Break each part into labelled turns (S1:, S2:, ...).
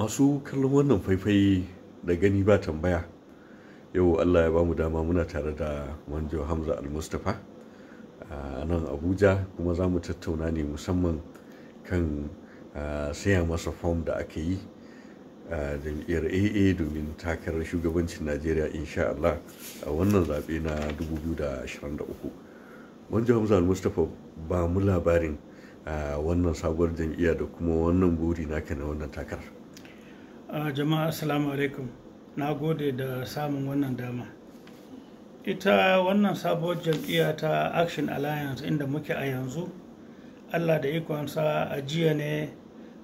S1: masu kallon wannan faifai da gani ba tambaya yau allah ya ba mu dama muna tare da manjo hamza almustapha a nan abuja kuma za mu tattauna ne musamman kan saya masa fom da aka yi a jam'iyyar aa domin takarar shugabancin najeriya insha allah a wannan zaɓe na 2023 manjo hamza almustapha ba mu labarin wannan sabuwar jam'iyya da kuma wannan buri naka na wannan takarar
S2: a jama'a assalamu alaikum na gode da samun wannan dama ita wannan sabuwar jam'iyya ta action alliance inda muke a yanzu allah da ikonsa a jiya ne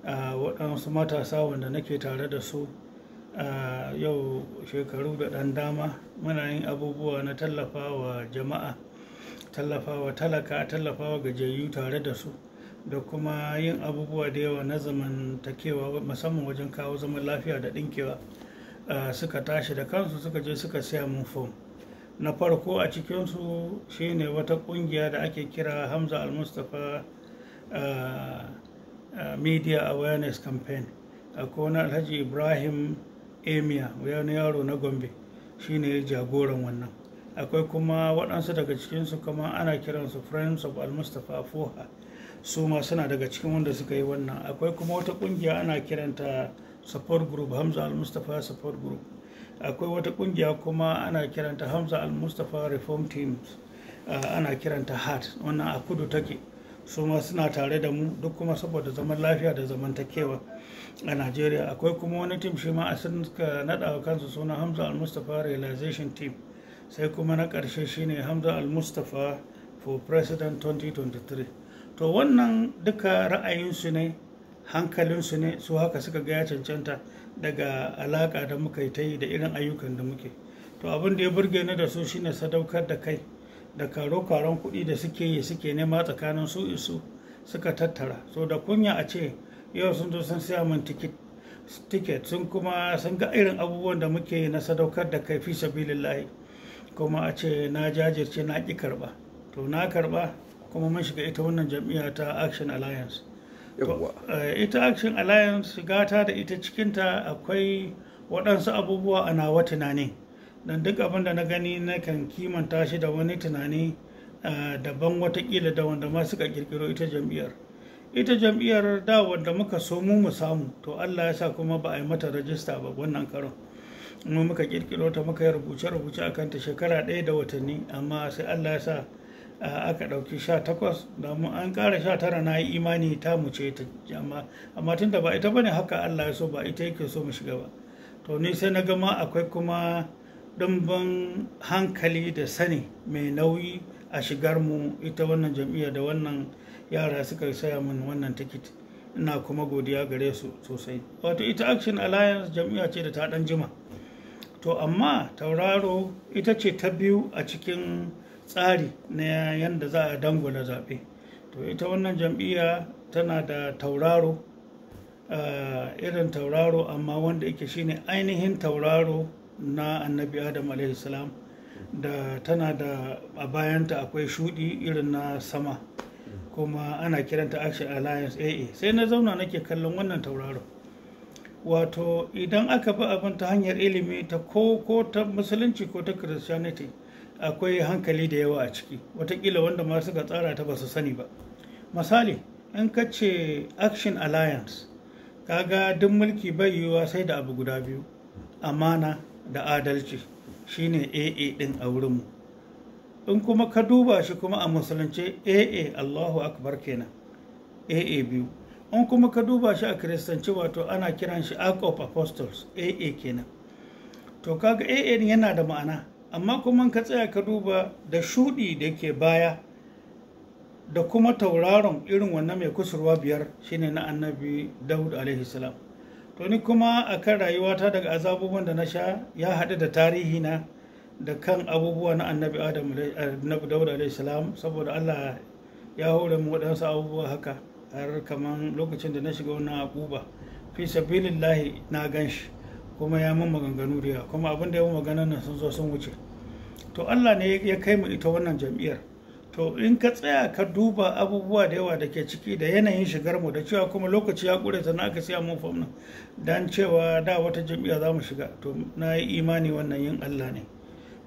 S2: a waɗansu matasa wanda nake tare da su a yau shekaru da ɗan dama muna yin abubuwa na tallafawa jama'a tallafawa talaka tallafawa gajiyayyu tare da su da kuma yin abubuwa da yawa na zamantakewa musamman wajen kawo zaman lafiya da ɗinkewa suka tashi da kansu suka je suka siya mun fom na farko a cikinsu shine wata ƙungiya da ake kira hamza al-mustapha media awareness campaign akwai wani alhaji ibrahim emia wani yaro na gombe shine jagoran wannan akwai kuma waɗansu daga cikinsu kuma ana kiransu friends of al-mustapha foha su ma suna daga cikin wanda suka yi wannan akwai kuma wata kungiya ana kiranta support group hamza al-mustapha support group akwai wata kungiya kuma ana kiranta hamza al-mustapha reform team ah, ana kiranta hat wannan a kudu take su ma suna tare da mu duk kuma saboda zaman lafiya da zamantakewa a najeriya akwai kuma wani tim shi ma a suka naɗa wa kansu suna hamza al-mustapha realization team sai kuma na ƙarshe shine hamza al-mustapha for president 2023 to wannan duka ra'ayinsu ne hankalinsu ne su haka suka gaya cancanta daga alaƙa da muka yi ta yi da irin ayyukan da muke to abin da ya burge ni da su shine sadaukar da kai da karo-karon kuɗi da suke yi suke nema tsakanin su isu suka tattara so da kunya a ce yau sun zo sun siya min tiket sun kuma sun ga irin abubuwan da muke na sadaukar da kai fi sabilillahi kuma a ce na jajirce na ƙi karɓa to na karɓa kuma mun shiga ita wannan jam'iyya ta action alliance eh, ita action alliance shiga da ita cikinta akwai waɗansu abubuwa a nawa tunani don duk abin da na gani na kan kimanta shi da wani tunani eh, daban watakila da wanda ma suka kirkiro ita jam'iyyar ita jam'iyyar da wanda muka so mu mu samu to allah ya sa kuma ba a yi mata rajista ba wannan karo mu muka kirkiro ta muka yi rubuce-rubuce a kanta shekara ɗaya da watanni amma sai allah ya sa aka ɗauki sha takwas mu an ƙara sha tara na yi imani ta mu ce ta jama amma tun da ba ita bane haka Allah ya so ba ita yake so mu shiga ba to ni sai na gama akwai kuma ɗimbin hankali da sani mai nauyi a shigar mu ita wannan jam'iyya da wannan yara suka saya min wannan tikiti ina kuma godiya gare su sosai wato ita action alliance jam'iyya ce da ta ɗan jima to amma tauraro ita ce ta biyu a cikin tsari na yadda za a dangula zaɓe to ita wannan jam'iyya tana da tauraro eh, irin tauraro amma wanda yake shine ainihin tauraro na annabi adam salam da tana da a bayanta akwai shuɗi irin na sama kuma ana kiranta action alliance aa sai na zauna nake kallon wannan tauraro wato idan aka bi abin ta hanyar ilimi ta ko ta musulunci ko ta christianity akwai hankali da yawa a ciki watakila wanda ma suka tsara ta ba su sani ba misali in ka ce action alliance kaga duk mulki bai yiwuwa sai da abu guda biyu amana da adalci shine aa din a wurinmu in kuma ka duba shi kuma a musulunce aa allahu akbar kenan aa biyu in kuma ka duba shi a kiristanci wato ana kiran shi Ark of apostles aa kenan to kaga aa yana da ma'ana amma kuma ka tsaya ka duba da shuɗi da ke baya da kuma tauraron irin wannan mai kusurwa biyar shine na annabi Dawud alaihi salam to ni kuma akan rayuwata daga azabubuwan da na sha ya haɗu da tarihi na da kan abubuwa na annabi Adam annabi Dawud alaihi salam saboda Allah ya hore mu waɗansu abubuwa haka har kaman lokacin da na shiga wannan akuba fi sabilillahi na ganshi kuma ya mun maganganu da yawa kuma abin da ya mun magana nan sun zo sun wuce to Allah ne ya kai mu ita wannan jam'iyyar to in ka tsaya ka duba abubuwa da yawa da ke ciki da yanayin shigar mu da cewa kuma lokaci ya kure sana aka siya mun fam nan dan cewa da wata jam'iyya za mu shiga to na yi imani wannan yin Allah ne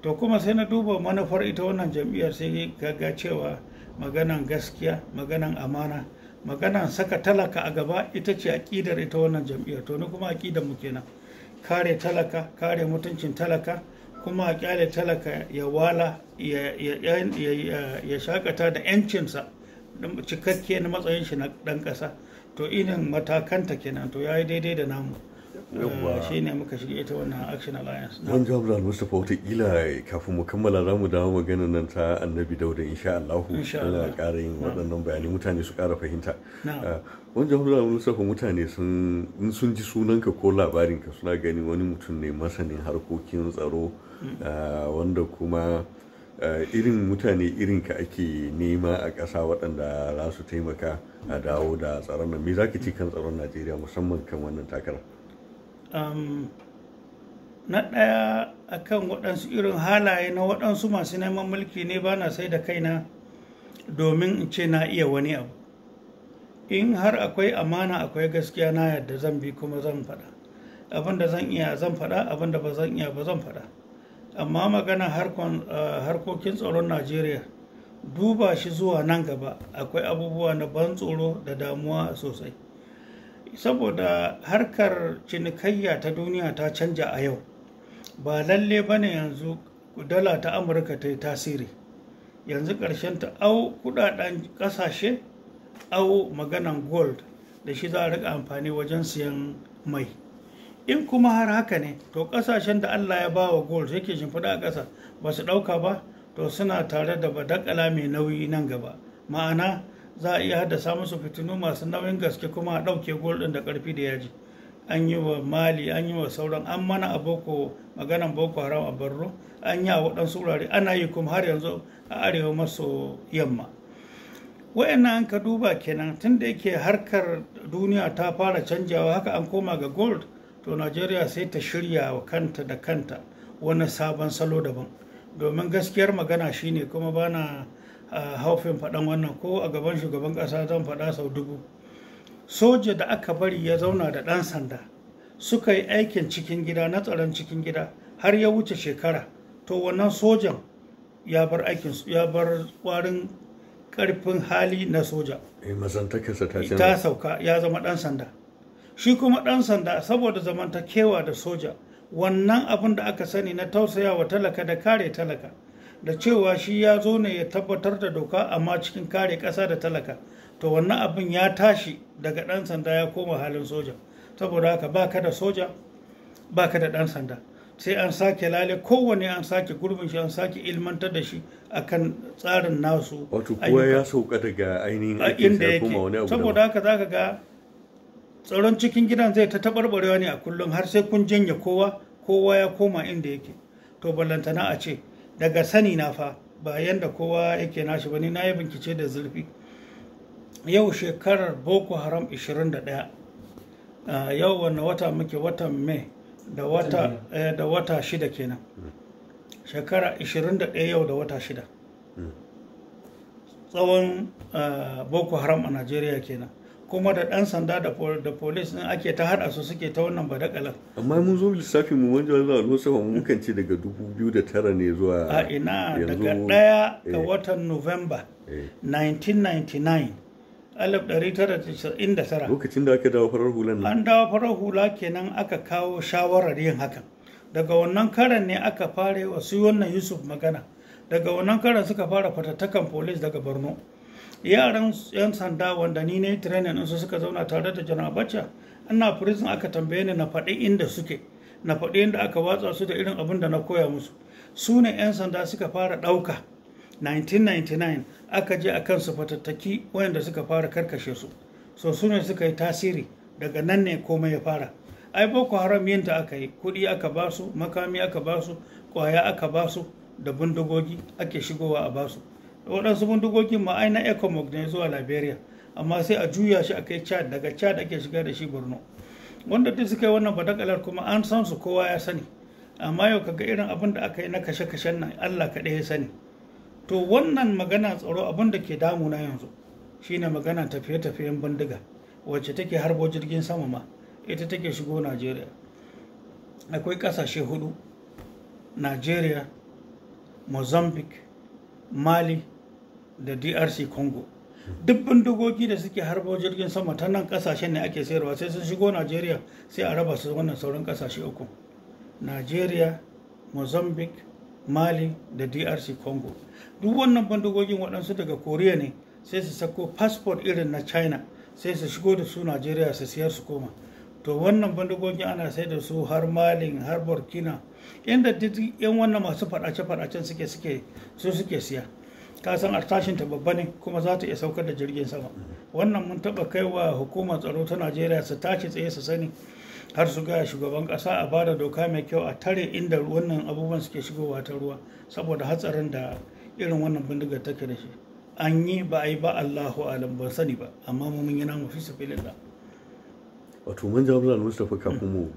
S2: to kuma sai na duba manufar ita wannan jam'iyyar sai ga cewa maganan gaskiya maganan amana maganan saka talaka a gaba ita ce aƙidar ita wannan jam'iyyar to ni kuma aƙidar mu kenan kare talaka kare mutuncin talaka kuma a kyale talaka ya wala ya shakata da 'yancinsa cikakke na matsayin shi na ɗan ƙasa to inin matakanta kenan to ya yi daidai da namu shi ne muka shiga ita wannan action alliance
S1: kafin mu kammala za mu dawo magana nan ta annabi dauda insha Allah Allah ƙara yin waɗannan bayanai mutane su ƙara fahimta wanda hamza ah, almustapha mutane sun mutane sun ji sunanka ko labarinka suna gani wani mutum ne masanin harkokin tsaro mm. ah, wanda kuma ah, irin mutane irinka ake nema a ƙasa waɗanda za su taimaka a dawo da tsaron nan me za ka ci kan tsaron najeriya musamman kan wannan takarar
S2: na ɗaya akan waɗansu irin halaye na waɗansu masu neman mulki ne ba na sai da kaina domin in ce na iya wani abu in har akwai amana akwai gaskiya na yadda zan bi kuma zan faɗa abin da zan iya zan faɗa abin da ba zan iya ba zan faɗa amma magana harkokin tsaron najeriya duba shi zuwa nan gaba akwai abubuwa na ban tsoro da damuwa sosai saboda harkar cinikayya ta duniya ta canja a yau ba lalle ba ne yanzu dala ta amurka ta yi tasiri yanzu ƙarshen ta au kudaden ƙasashe au maganan gold da shi za a riƙa amfani wajen siyan mai in kuma har haka ne to ƙasashen da allah ya ba wa gold yake shimfiɗa a ƙasa ba su ɗauka ba to suna tare da badakala mai nauyi nan gaba ma'ana za a iya haddasa musu fitinu masu nauyin gaske kuma a ɗauke gol ɗin da ƙarfi da yaji an yi wa mali an yi wa sauran an mana a boko maganan boko haram a barro an yi a waɗansu wurare ana yi kuma har yanzu a arewa maso yamma wayannan an ka duba kenan tun da yake harkar duniya ta fara canjawa haka an koma ga gold to najeriya sai ta shirya wa kanta da kanta wani sabon salo daban domin gaskiyar magana shine kuma bana haufin faɗan wannan ko a gaban shugaban ƙasa zan faɗa sau dubu soja da aka bari ya zauna da ɗan sanda suka yi aikin cikin gida na tsaron cikin gida har ya wuce shekara to wannan sojan ya bar aikin ya bar ƙwarin ƙarfin hali na soja
S1: eh, ta
S2: sauka ya zama ɗan sanda shi kuma ɗan sanda saboda zamantakewa da soja wannan abin da aka sani na tausayawa talaka da kare talaka da cewa shi ya zo ne ya tabbatar da doka amma cikin kare ƙasa da talaka to wannan abin ya tashi daga ɗan sanda ya koma halin soja saboda haka ba ka da soja ba ka da ɗan sanda sai an sake lale kowane an sake gurbin shi an sake ilmantar da shi akan tsarin nasu wato kowa ya
S1: sauka daga ainihin aikin ya koma wani abu saboda
S2: haka zaka ga tsaron cikin gidan zai ta tabarbarewa ne a kullum har sai kun janye kowa kowa ya koma inda yake to ballantana a ce daga sani na fa ba yanda kowa yake nashi ba ni na yi bincike da zurfi yau shekarar boko haram 21 ah, yau wanne wata muke watan mai da wata eh, da wata shida kenan shekara 21 yau da wata shida hmm. tsawon ah, boko haram a najeriya kenan kuma da ɗan sanda da polis ɗin ake ta har su suke ta wannan badakalan.
S1: amma mun zo lissafin mu wanda za a losa mu mukan ce daga dubu biyu da tara ne zuwa a ina daga ɗaya ga eh.
S2: watan novemba 1999 1999 lokacin da aka dawo farar hula an dawo farar hula kenan aka kawo shawarar yin hakan daga wannan karan ne aka fara wa su wannan yusuf magana daga wannan karan suka fara fatattakan polis daga borno yaran yan sanda wanda ni ne training su suka zauna tare da jana bacha ina prison aka tambaye ni na faɗi inda suke na faɗi inda aka watsa su da irin abin da na koya musu su ne yan sanda suka fara ɗauka 1999 aka je a su fatattaki wayanda suka fara karkashe su so su ne suka yi tasiri daga nan ne komai ya fara ai boko haram yin ta aka yi kuɗi aka ba su makami aka ba su ƙwaya aka ba su da bindigogi ake shigowa a ba su waɗansu bindigogin ma ai na ecomog ne zuwa liberia amma sai a juya shi a kai chad daga chad ake shiga da shi borno wanda duk suka yi wannan badakalar kuma an san su kowa ya sani amma yau kaga irin abin da aka yi na kashe-kashen nan allah kaɗai ya sani to wannan magana tsaro abin da ke damu na yanzu shine magana tafiye-tafiyen bindiga wacce take harbo jirgin sama ma ita take shigo najeriya akwai ƙasashe hudu najeriya mozambique mali da drc congo duk bindigogi da suke harba jirgin sama ta nan kasashen ne ake sayarwa sai sun shigo najeriya sai a raba su wannan sauran kasashe uku najeriya mozambique mali da drc congo duk wannan bindigogin waɗansu daga koriya ne sai su sako fasfot irin na china sai su shigo da su najeriya su siyar su koma to wannan bindigogin ana sai da su har malin har burkina inda duk yan wannan masu faɗace-faɗacen suke suke su suke siya ka san tashin ta babba ne kuma za ta iya saukar da jirgin sama wannan mun taɓa wa hukumar tsaro ta najeriya su tashi tsaye su sani har su gaya shugaban ƙasa a bada doka mai kyau a tare inda wannan abubuwan suke shigowa ta ruwa saboda hatsarin da irin wannan bindigar take da shi an yi ba a yi ba allahu alam ban sani ba amma mun yi namu fi sabilillah wato
S1: mun jawo mustapha kafin mu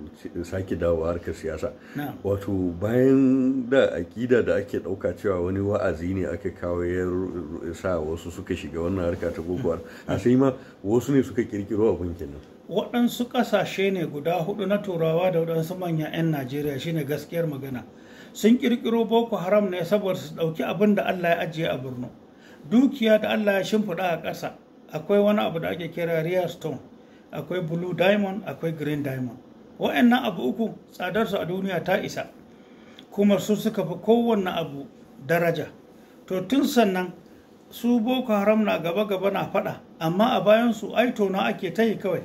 S1: sake dawo harkar siyasa wato bayan da akida da ake dauka cewa wani wa'azi ne aka kawo ya sa wasu suka shiga wannan harka ta gogowar mm. a sai ma wasu ne suka kirkiro abin kenan
S2: waɗansu ƙasashe ne guda hudu na turawa da waɗansu manyan 'yan najeriya shine gaskiyar magana sun kirkiro boko haram ne saboda su ɗauki abin da allah ya ajiye a borno dukiya da allah ya shimfiɗa a ƙasa akwai wani abu da ake kira real stone akwai blue diamond akwai green diamond wa'annan abu uku tsadarsu a duniya ta isa kuma su suka fi kowanne abu daraja to tun sannan su boko haram na gaba-gaba na fada amma a bayansu ai tona ake ta yi kawai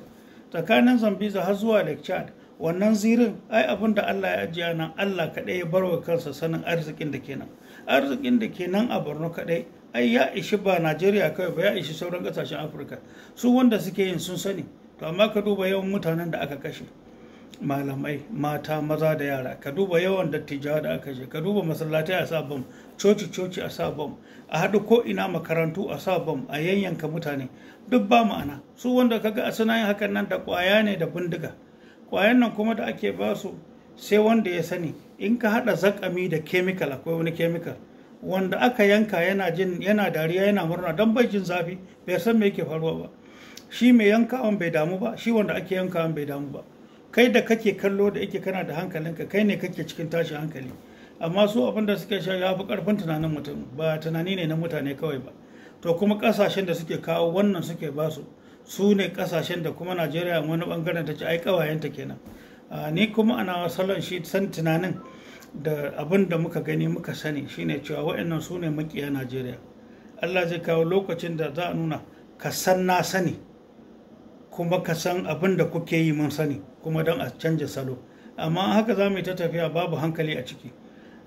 S2: tsakanin zambiza har zuwa lake chad wannan zirin ai abin da allah ya ajiya nan allah kaɗai ya wa kansa sanin arzikin da kenan arzikin da kenan a borno kaɗai ai ya ishi ba najeriya kawai ba ya ishi sauran ƙasashen afirka su wanda suke yin sun sani to amma ka duba yawan mutanen da aka kashe malamai mata maza da yara ka duba yawan dattijawa da aka je ka duba masallatai a sa bom, coci coci a sa bom, a haɗu ko ina makarantu a sa bom, a yanyanka mutane duk ba ma'ana su wanda ka ga suna yin hakan nan da ƙwaya ne da bindiga ƙwayan nan kuma da ake ba su sai wanda ya sani in ka haɗa zakami da kemikal akwai wani kemikal wanda aka yanka yana jin yana dariya yana murna don bai jin zafi bai san me yake faruwa ba shi mai yankawan bai damu ba shi wanda ake yankawan bai damu ba kai da kake kallo da yake kana da hankalinka kai ne kake cikin tashin hankali amma su abin da suke sha ya fi karfin tunanin mutum ba tunani ne na mutane kawai ba to kuma kasashen da suke kawo wannan suke basu su ne kasashen da kuma najeriya wani bangaren ta ce ai kawayenta kenan ni kuma ana salon shi san tunanin da abin da muka gani muka sani shine cewa waɗannan su ne makiya najeriya allah zai kawo lokacin da za a nuna ka san na sani kuma ka san abin da kuke yi mun sani kuma don a canja salo amma haka za mu yi ta tafiya babu hankali a ciki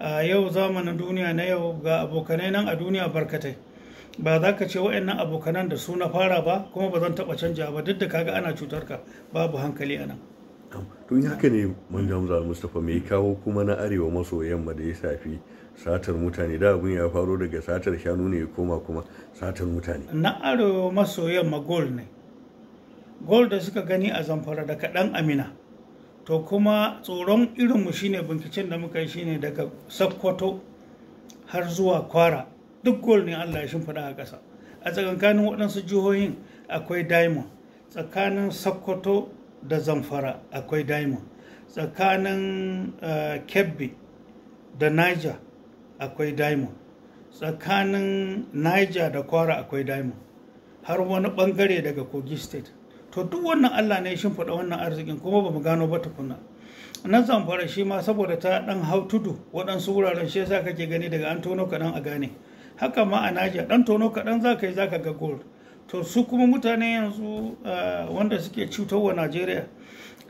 S2: a yau zamanin duniya na yau ga abokanai nan a duniya barkatai ba za ka ce wa'annan abokanan da su na fara ba kuma ba zan taɓa canja ba duk da kaga ana cutar ka babu hankali a nan
S1: to in haka ne man mustafa me mai kawo kuma na arewa maso yamma da ya safi satar mutane da abin ya faro daga satar shanu ne koma kuma satar mutane
S2: na arewa maso yamma gol ne gol da suka gani a zamfara da kaɗan amina to kuma tsoron irinmu shine binkicin da muka yi shine daga sakkwato har zuwa kwara duk gol ne allah ya shimfiɗa a ƙasa a tsakankanin waɗansu jihohin akwai diamond tsakanin sakkwato da zamfara akwai diamond tsakanin eh, kebbi da niger akwai diamond tsakanin niger da kwara akwai diamond har wani ɓangare daga kogi state to duk wannan Allah ne shin faɗa wannan arzikin kuma ba mu gano ba tukuna nan zamfara shi ma saboda ta ɗan hau tudu waɗansu wuraren shi yasa kake gani daga an tono kaɗan a gane haka ma a naja ɗan tono kaɗan za zaka yi za ga gold to su kuma mutane yanzu eh, wanda suke wa najeriya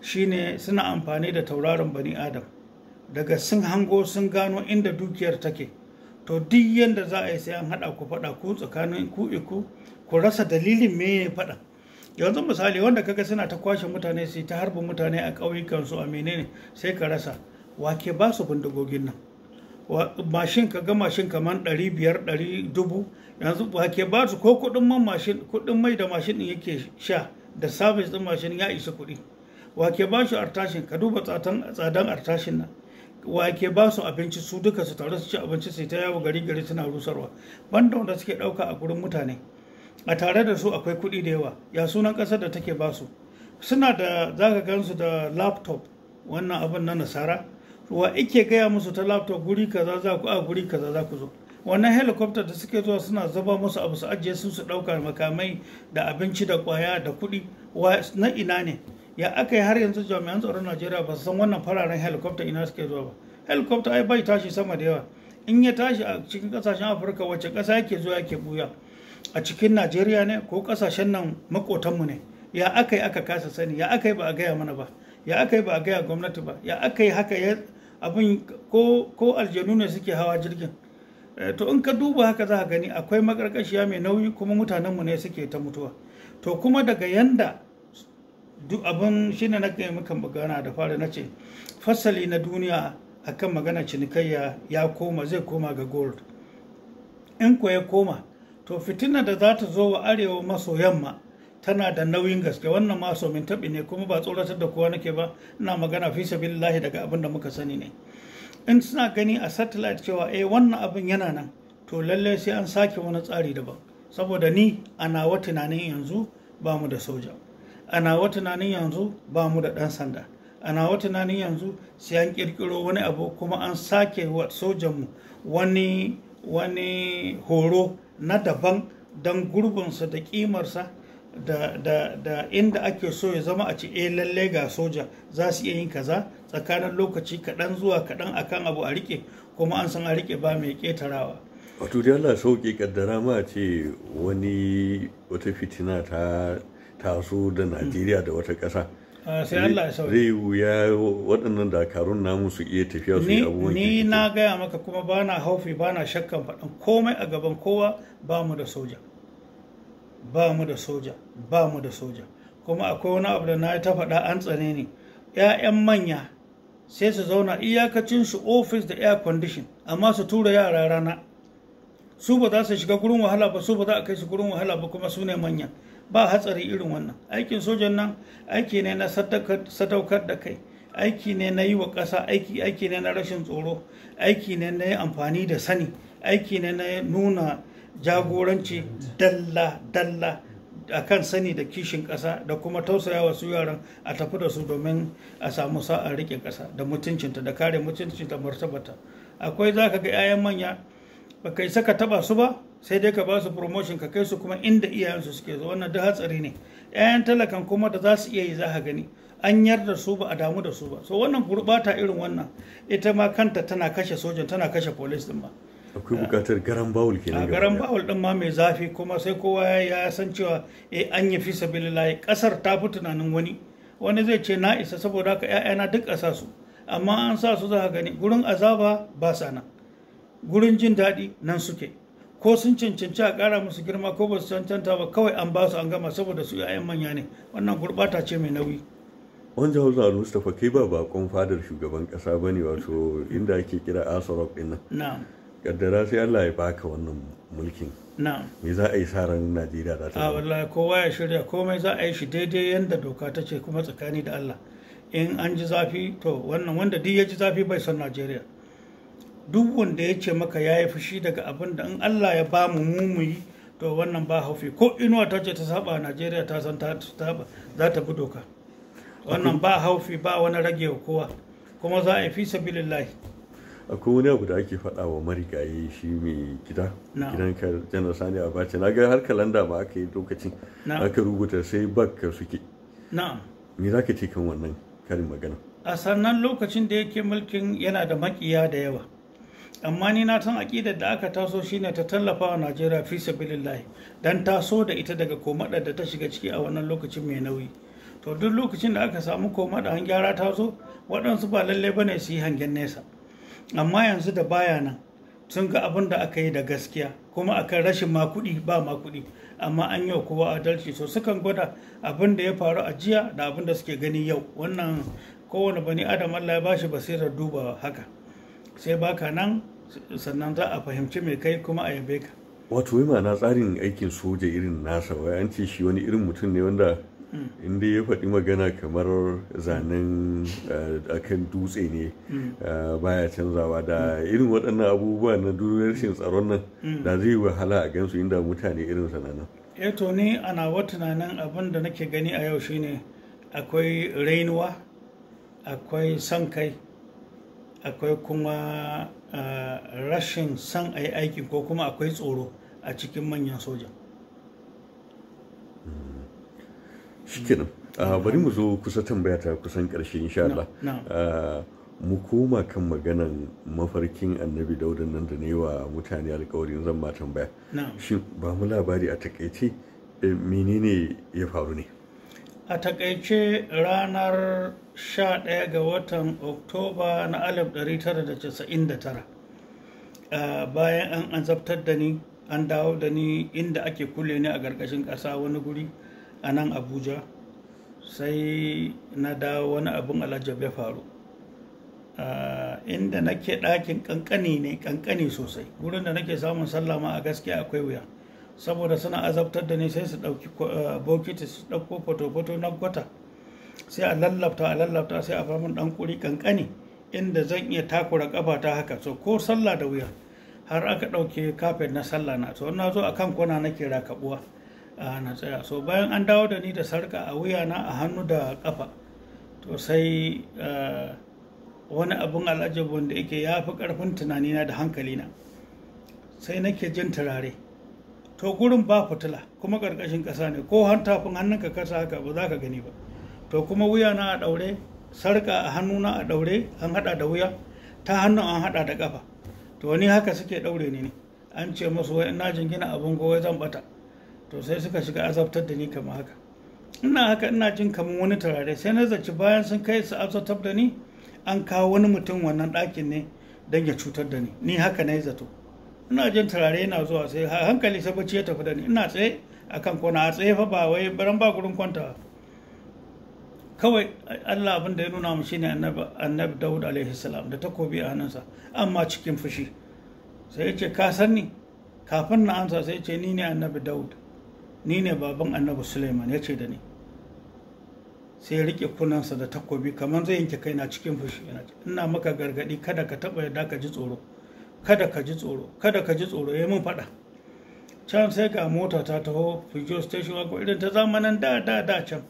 S2: shine suna amfani da tauraron bani adam daga sun hango sun gano inda dukiyar take to duk yadda za a yi sai an haɗa ku faɗa ku tsakanin ku iku ku rasa dalilin me ya faɗa yanzu misali wanda kaga suna ta kwashe mutane su ta harba mutane a ƙauyukansu a menene sai ka rasa wake ba su bindigogin nan mashin ka ga mashin kamar ɗari biyar ɗari dubu yanzu wake ba su ko kuɗin man mashin kuɗin mai da mashin ɗin yake sha da sabis ɗin mashin ya isa kuɗi wake ba su artashin ka duba tsadan artashin nan wake ba su abinci su duka su taru su ci abinci su ta yawo gari gari suna rusarwa banda wanda suke ɗauka a gurin mutane a tare da su akwai kuɗi da yawa ya sunan ƙasar da take ba su suna da za gansu da laptop wannan abin na nasara wa ike gaya musu ta laptop guri kaza za ku a guri kaza za ku zo wannan helicopter da suke zuwa suna zaba musu abu su ajiye su su ɗauka makamai da abinci da kwaya da kuɗi na ina ne ya aka yi har yanzu jami'an tsaron najeriya ba su san wannan fararen helicopter ina suke zuwa ba helicopter ai bai tashi sama da yawa in ya tashi a cikin kasashen afirka wacce ƙasa yake zuwa yake buya a cikin najeriya ne ko kasashen nan makotanmu ne ya aka yi aka kasa sani ya aka yi ba a gaya mana ba ya aka yi ba a gaya gwamnati ba ya aka yi haka ya abin ko aljanu ne suke hawa jirgin eh, to in ka duba haka za a gani akwai makarkashiya mai nauyi kuma mutanenmu ne suke ta mutuwa to kuma daga yanda duk abin shine na gaya muka magana da fara na ce fasali na duniya akan magana cinikayya ya koma zai koma ga gold in ko ya koma to fitina da za ta zo wa arewa maso yamma tana da nauyin gaske wannan maso min taɓi ne kuma ba tsoratar da kowa nake ba ina magana fi sabilillahi daga abin da muka sani ne in suna gani a satellite cewa eh wannan abin yana nan to lallai sai an sake wani tsari daban saboda ni a nawa tunanin yanzu ba mu da soja a nawa tunanin yanzu ba mu da ɗan sanda a nawa tunanin yanzu sai an ƙirƙiro wani abu kuma an sake wa sojanmu wani wani horo na daban don gurbinsa da ƙimarsa da, inda ake so ya zama a ci e eh, lalle ga soja za su iya yin kaza tsakanin lokaci kaɗan zuwa kaɗan akan abu a rike kuma an san a rike ba mai ƙetarawa
S1: wato da Allah sauƙi kaddara ma ce wani wata fitina ta taso da Najeriya da wata ƙasa
S2: Ah, zai
S1: wuya waɗannan dakarun namu su iya tafiya su yi abubuwan ni
S2: na gaya maka kuma bana haufi bana shakkan faɗin komai a gaban kowa ba mu da soja ba mu da soja ba mu da soja kuma akwai wani abu da na ta faɗa an tsane ne 'ya'yan manya sai su zauna iyakacinsu ofis da air condition amma su tura yara rana su ba za su shiga gurin wahala ba su ba za a kai su gurin wahala ba kuma su ne manya ba hatsari irin wannan aikin sojan nan aiki ne na sadaukar da kai aiki ne na yi wa ƙasa aiki aiki ne na rashin tsoro aiki ne na yi amfani da sani aiki ne na nuna jagoranci dalla dalla a kan sani da kishin ƙasa da kuma tausayawa su yaran a tafi da su domin a samu sa'a riƙe ƙasa da mutuncinta da kare mutuncinta martabata akwai za ka ga 'ya'yan manya ba kai saka taba su ba sai dai ka ba su promotion ka kai su kuma inda iyayensu suke zo wannan duk hatsari ne ƴaƴan talakan kuma da za su iya yi za ka gani an yarda su ba a damu da su ba so wannan gurɓata irin wannan ita ma kanta tana kashe sojan tana kashe police din ba
S1: akwai bukatar garan bawul kenan garan
S2: bawul din ma mai zafi kuma sai kowa ya san cewa eh an yi fi sabilillahi kasar ta fi tunanin wani wani zai ce na isa saboda haka ƴaƴana duk a sa su amma an sa su za ka gani gurin azaba ba sa nan gurin jin daɗi nan suke ko sun cancanci a ƙara musu girma ko ba su cancanta ba kawai an ba su an gama saboda su 'ya'yan manya ne wannan gurɓata ce mai nauyi
S1: wanda hausa mustapha kai ba bakon fadar shugaban kasa ba ne wato inda ake kira asarok ɗin kaddara sai allah ya baka wannan mulkin me za a yi sa ran najeriya za ta a
S2: wallahi kowa ya shirya komai za a yi shi daidai yadda doka ta ce kuma tsakani da allah in an ji zafi to wannan wanda duk ya ji zafi bai san najeriya duk wanda ya ce maka ya yi fushi daga abin da in Allah ya ba mu mumuyi to wannan ba haufi ko inuwa ta ce ta saba Najeriya ta san za ta bi doka wannan ba haufi ba wani rage wa kowa kuma za a yi fi sabilillahi
S1: akwai wani abu da ake faɗa wa marigayi shi mai gida gidan ka janar sani bace na ga har kalanda ba aka yi lokacin aka rubuta sai bak ka suke na'am me za ka ce kan wannan karin magana
S2: a sannan lokacin da yake mulkin yana da makiya da yawa amma ni na san aƙidar da aka taso shine ta tallafa wa najeriya fi sabilillahi dan taso da ita daga komaɗar da ta shiga ciki a wannan lokacin mai nauyi to duk lokacin da aka samu komaɗa an gyara taso waɗansu ba lallai ba ne su yi hangen nesa amma yanzu da baya nan sun ga abin da aka yi da gaskiya kuma akan rashin makuɗi ba makuɗi amma an wa kowa adalci so sukan gwada abin da ya faru a jiya da abin da suke gani yau wannan kowane bani adam allah ya bashi basirar duba haka sai baka nan sannan za a fahimci mai kai kuma a yabe ka
S1: wato yi ma'ana tsarin aikin soja irin nasa wai an ce shi wani irin mutum ne wanda hmm. inda ya faɗi magana kamar zanen eh, akan dutse ne hmm. eh, baya canzawa da hmm. irin waɗannan abubuwa na rashin tsaron nan da zai wahala a gansu inda mutane irin sananan
S2: eto eh ni ana wata tunanin abin da nake gani a yau shine akwai rainuwa akwai sankai. kai akwai kuma rashin son a yi aikin ko kuma akwai tsoro a cikin manyan soja
S1: shikenan bari mu zo kusa tambaya ta kusan karshe insha Allah mu koma kan maganan mafarkin annabi daudan nan da ne wa mutane alkawarin zan ma tambaya shin ba mu labari a takaice eh, menene ya faru ne
S2: a takaice ranar 11 ga watan oktoba na 1999 bayan an azabtar da ni an dawo da ni inda ake kule ni a ƙarƙashin ƙasa wani guri a nan abuja sai na dawo wani abin alajab ya faru inda nake ɗakin ƙanƙani ne ƙanƙani sosai wurin da nake samun sallama a gaskiya akwai wuya saboda suna azabtar da ni sai su ɗauki eh, bokiti su ɗauko foto na kwata sai a lallafta a lallafta sai a famin ɗan ƙuri ƙanƙani inda zan iya takura ƙafa ta haka so ko sallah da wuya har aka ɗauke kafet na sallah na so na zo a kan kwana na kira kaɓuwa na tsaya so bayan an dawo da ni da sarka a wuya na a hannu da ƙafa to sai eh, wani abun al'ajabu wanda yake ya fi ƙarfin tunanina da hankalina sai nake jin turare to gurin ba fitila kuma ƙarƙashin ƙasa ne ko hantafin ka kasa haka ba za ka gani ba to kuma wuya na a ɗaure sarƙa a hannu na a ɗaure an haɗa da wuya ta hannun an haɗa da ƙafa to ni haka suke ɗaure ni ne an ce musu wai ina jingina abin gowa zan bata to sai suka shiga azabtar da ni kamar haka ina haka ina jin kamar wani turare sai na zaci bayan sun kai su azabtar da ni an kawo wani mutum wannan ɗakin ne don ya cutar da ni ni haka na yi zato ina jin turare yana zuwa sai a hankali sai bacci ya tafi da ni ina tsaye a kan kona a tsaye fa ba wai baran ba gurin kwanta kawai Allah abin da ya nuna mu shine annabi annabi Dawud alaihi salam da takobi a hannunsa amma cikin fushi sai ya ce ka san ni kafin na amsa sai ya ce ni ne annabi Dawud ni ne baban annabi Sulaiman ya ce da ni sai ya rike kunansa da takobi kamar zai yanke kaina cikin fushi ina maka gargadi kada ka taba yadda ka ji tsoro kada ka ji tsoro kada ka ji tsoro ya eh, mun faɗa can sai ga mota ta taho fijo station wako irin ta zamanin da da da can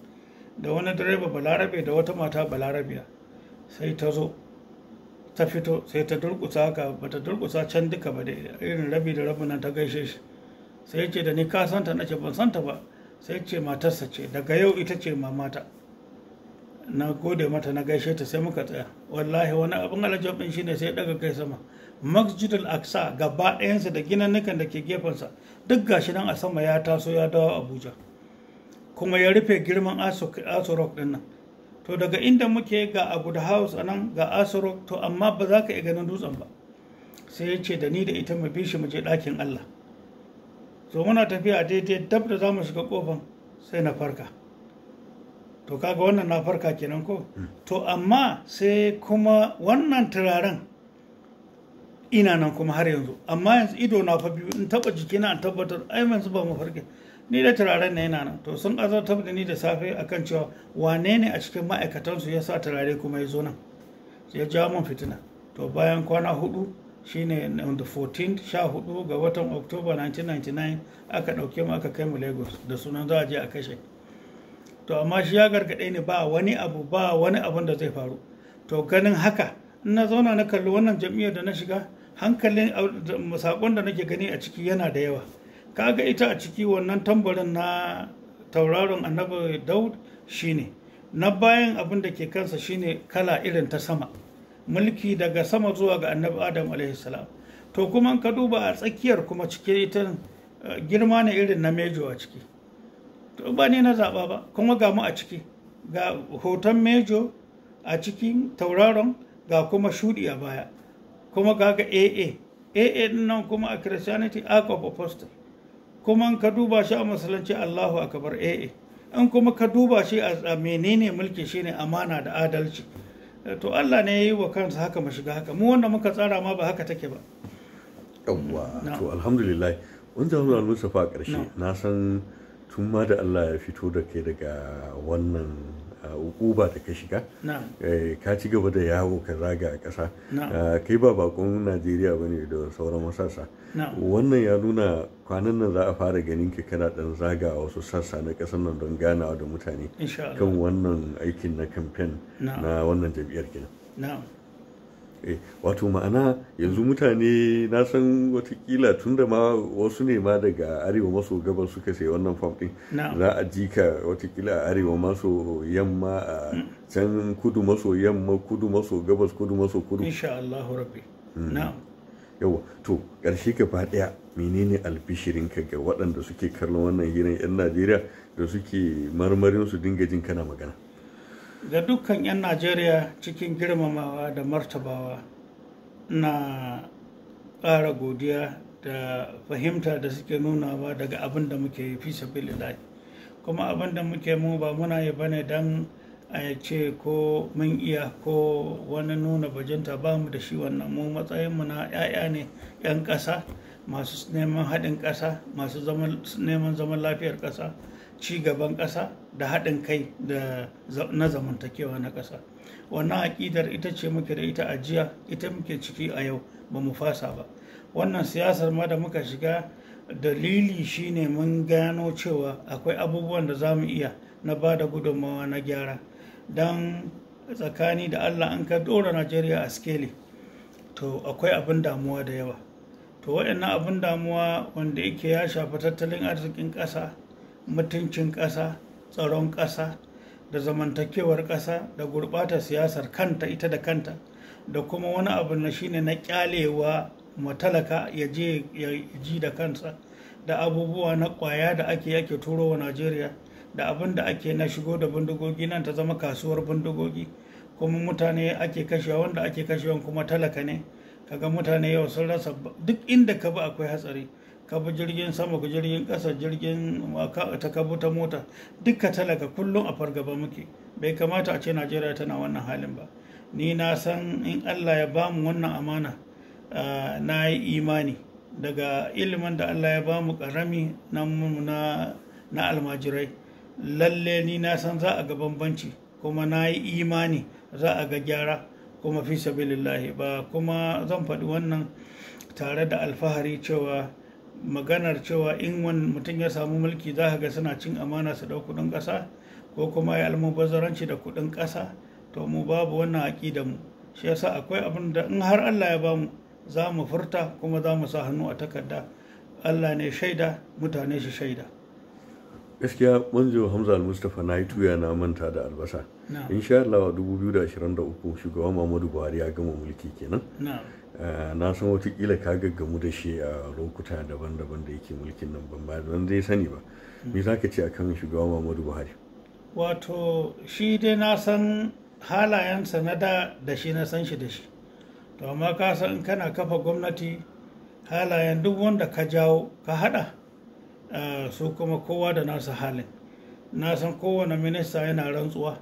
S2: da wani direba balarabe da wata mata balarabiya sai ta zo ta fito sai ta durkusa haka ba durkusa can duka ba da irin rabi da rabi nan ta gaishe shi sai ce da ni ka santa na ce ban santa ba sai ce matarsa ce daga yau ita ce mamata na gode mata na gaishe ta sai muka tsaya wallahi wani abin alajabin shine sai daga kai sama masjid al-aqsa gaba ɗayansa da ginannukan da ke gefensa duk gashi nan a sama ya taso ya dawo abuja kuma ya rufe girman aso rock nan to daga inda muke ga abu da house a nan ga aso rock to amma ba za ka iya ganin dutsen ba sai ya ce da ni da ita mu bi shi mu je ɗakin allah to muna tafiya daidai dab da za mu shiga kofan sai na farka to kaga wannan na farka kenan ko hmm. to amma sai kuma wannan turaren ina nan kuma har yanzu amma yanzu ido na fa biyu in taba jikina an tabbatar ai yanzu ba farke ni da turaren na yana nan to sun azartar da ni da safe akan cewa wane ne a cikin ma'aikatansu ya sa turare kuma ya zo nan ya jawo min fitina to bayan kwana hudu shine on the 14 hudu ga watan october 1999 aka dauke mu aka kai mu lagos da sunan za a je a kashe to amma shi ya gargade ni ba wani abu ba wani abun da zai faru to ganin haka na zauna na kalli wannan jam'iyyar da na shiga hankalin saƙon da nake gani a ciki yana da yawa kaga ita a ciki wannan tambarin na tauraron annabi daud shine na bayan abin da ke kansa shine kala irin ta sama mulki daga sama zuwa ga annabi adam alaihissalam to kuma ka duba a tsakiyar kuma cike ita eh, girma ne irin na mejo a ciki to ba ne na zaɓa ba kuma ga mu a ciki ga hoton mejo a cikin tauraron ga kuma shuɗi a baya kuma kaga aa aa din nan kuma a christianity ark of apostle kuma ka duba shi a musulunci allahu akbar aa in kuma ka duba shi a menene mulki shine amana da adalci eh, to allah ne ya yi wa kansa haka mu shiga haka mu wanda muka tsara ma ba haka take ba
S1: yawwa to alhamdulillah wanda hamdu mustafa a karshe na san tun ma da allah ya fito da kai daga wannan hukuba da ka shiga eh, ka ci gaba da yawo ka zaga a ƙasa ah, kai ba bakon najeriya bane da sauran sassa wannan ya nuna kwanan nan za a fara ganin ka kana dan zaga a wasu sassa na ƙasar nan don ganawa da mutane kan wannan aikin na kamfen na wannan jam'iyyar
S2: kenan
S1: Eh, wato ma'ana yanzu mutane na san watakila tun da ma wasu ne ma daga arewa maso gabas suka sai wannan fam din za a ji ka watakila a arewa maso yamma a can kudu maso yamma kudu maso gabas kudu maso kudu
S2: insha Allah rabbi
S1: hmm. yawa to ƙarshe gaba ɗaya menene ka ga waɗanda suke kallon wannan hirin 'yan najeriya da suke marmarin su dinga jin kana magana
S2: ga dukkan 'yan najeriya cikin girmamawa da martabawa na ƙara godiya da fahimta da suke nuna ba daga abin da muke yi fi kuma abin da muke mu ba muna yi bane don a ce ko mun iya ko wani nuna bajinta ba mu da shi wannan mu matsayinmu na 'ya'ya ne 'yan ƙasa masu neman haɗin ƙasa masu neman zaman lafiyar ƙasa ci gaban ƙasa da haɗin kai na zamantakewa na ƙasa wannan aƙidar ita ce muke da ita ajiya ita muke ciki a yau ba mu fasa ba wannan siyasar ma da muka shiga dalili shine mun gano cewa akwai abubuwan da za mu iya na ba da gudunmawa na gyara don tsakani da allah an ka dora najeriya a skele to akwai abin damuwa da yawa to waɗannan abin damuwa wanda yake ya shafi tattalin arzikin ƙasa mutuncin ƙasa tsaron ƙasa da zamantakewar ƙasa da gurɓata siyasar kanta ita da kanta da kuma wani abu na shine na ƙyalewa matalaka ya je ya ji da kansa da abubuwa na ƙwaya da ake yake turo wa najeriya da abin da ake na shigo da bindigogi nan ta zama kasuwar bindigogi kuma mutane ake kashewa wanda ake kashewa kuma talaka ne kaga mutane yau sun rasa duk inda ka bi akwai hatsari kabi jirgin sama ku jirgin ƙasa jirgin ta kabu ta mota duka talaka kullum a fargaba muke bai kamata a ce najeriya tana wannan halin ba ni na san in allah ya bamu wannan amana na yi imani daga ilimin da allah ya bamu karami na almajirai lalle ni na san za a ga bambanci kuma na yi imani za a ga gyara kuma fi sabilillahi ba kuma zan faɗi wannan tare da alfahari cewa maganar cewa in wani mutum ya samu mulki za ga suna cin amana su dau kuɗin ƙasa ko kuma ya almubazzaranci da kuɗin ƙasa to mu babu wannan da mu shi yasa akwai abin da in har Allah ya bamu za mu furta kuma za mu sa hannu a takarda Allah ne shaida mutane shi shaida
S1: gaskiya manjo hamza al-mustapha na yi tuya na manta da albasa insha Allah a 2023 shugaban muhammadu buhari ya gama mulki kenan Eh, na san watakila ka gaggamu da shi a lokuta daban-daban da yake mulkin nan ban ba don zai sani ba me za ka ce akan shugaba muhammadu buhari
S2: wato shi dai na san halayensa na da da shi na san shi da shi to amma ka san kana kafa gwamnati halayen duk wanda ka jawo ka hada eh, su kuma kowa da nasa halin na san kowane minista yana rantsuwa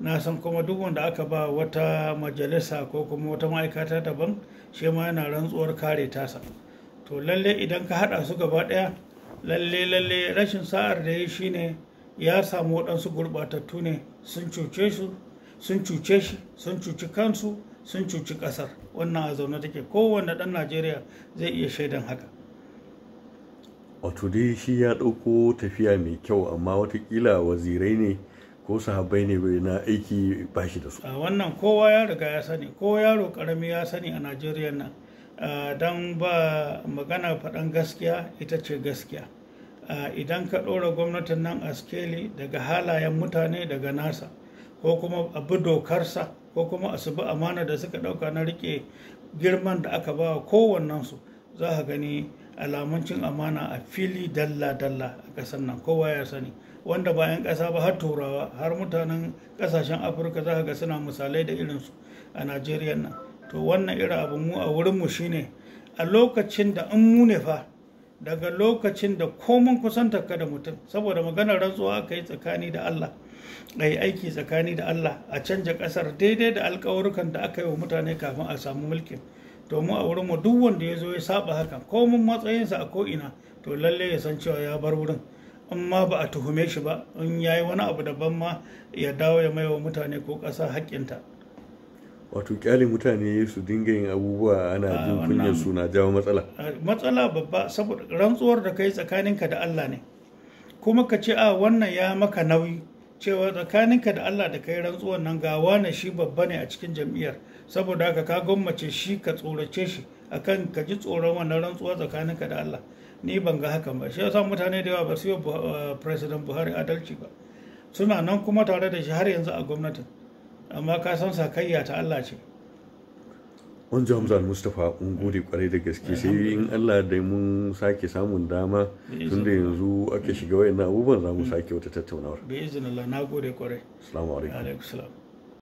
S2: na san kuma duk wanda aka ba wata majalisa ko kuma wata ma'aikata daban shi ma yana rantsuwar kare tasa to lalle idan ka haɗa su gaba ɗaya lalle lalle rashin sa'ar da ya shi ne ya samu waɗansu gurɓatattu ne sun cuce su sun cuce shi sun cuci kansu sun cuci ƙasar wannan a zaune take kowanne ɗan najeriya zai iya shaidan haka
S1: wato dai shi ya ɗauko tafiya mai kyau amma watakila wazirai ne ko sahabbai ne bai na aiki ba shi da
S2: su wannan kowa ya riga ya sani ko yaro karami ya sani a najeriya nan don ba magana faɗan gaskiya ita ce gaskiya idan ka ɗora gwamnatin nan a skeli daga halayen mutane daga nasa ko kuma abu dokarsa ko kuma su bi amana da suka ɗauka na rike girman da aka ba su za ka gani alamun amana a fili dalla-dalla a ƙasar nan kowa ya sani wanda bayan ƙasa ba har turawa har mutanen kasashen afirka za ka ga suna misalai da irinsu a najeriya nan to wannan irin abu mu a wurinmu shine a lokacin da an mu ne fa daga lokacin da komin kusantarka da mutum saboda maganar rantsuwa aka yi tsakani da Allah a yi aiki tsakani da Allah a canja ƙasar daidai da alkawarukan da aka yi wa mutane kafin a samu mulkin to mu a wurinmu duk wanda ya zo ya saba hakan komin matsayinsa a ko'ina to lallai ya san cewa ya bar wurin amma ba a tuhume shi ba in ya yi wani abu daban ma ya dawo ya maiwa mutane ko ƙasa haƙƙinta
S1: wato ƙyale mutane su dinga yin abubuwa ana ah, jin kunyar su jawo matsala
S2: ah, matsala babba saboda rantsuwar da kai tsakaninka da Allah ne kuma ka ce a ah, wannan ya maka nauyi cewa tsakaninka da Allah da kai rantsuwar nan ga wane shi babba ne a cikin jam'iyyar saboda haka ka gwammace shi ka tsorace shi akan ka ji tsoron wannan rantsuwa tsakaninka da Allah ni ban ga hakan ba shi yasa mutane da yawa ba su yi uh, president buhari adalci ba suna nan kuma tare da shi har yanzu a gwamnatin amma ka san sakayya ta allah ce
S1: on hamza mustapha un gode kwarai da gaske eh, sai in allah da mun sake samun dama tun da yanzu aka shiga wayan abubuwan za mu mm. sake wata tattaunawar
S2: bi allah na gode kwarai assalamu alaikum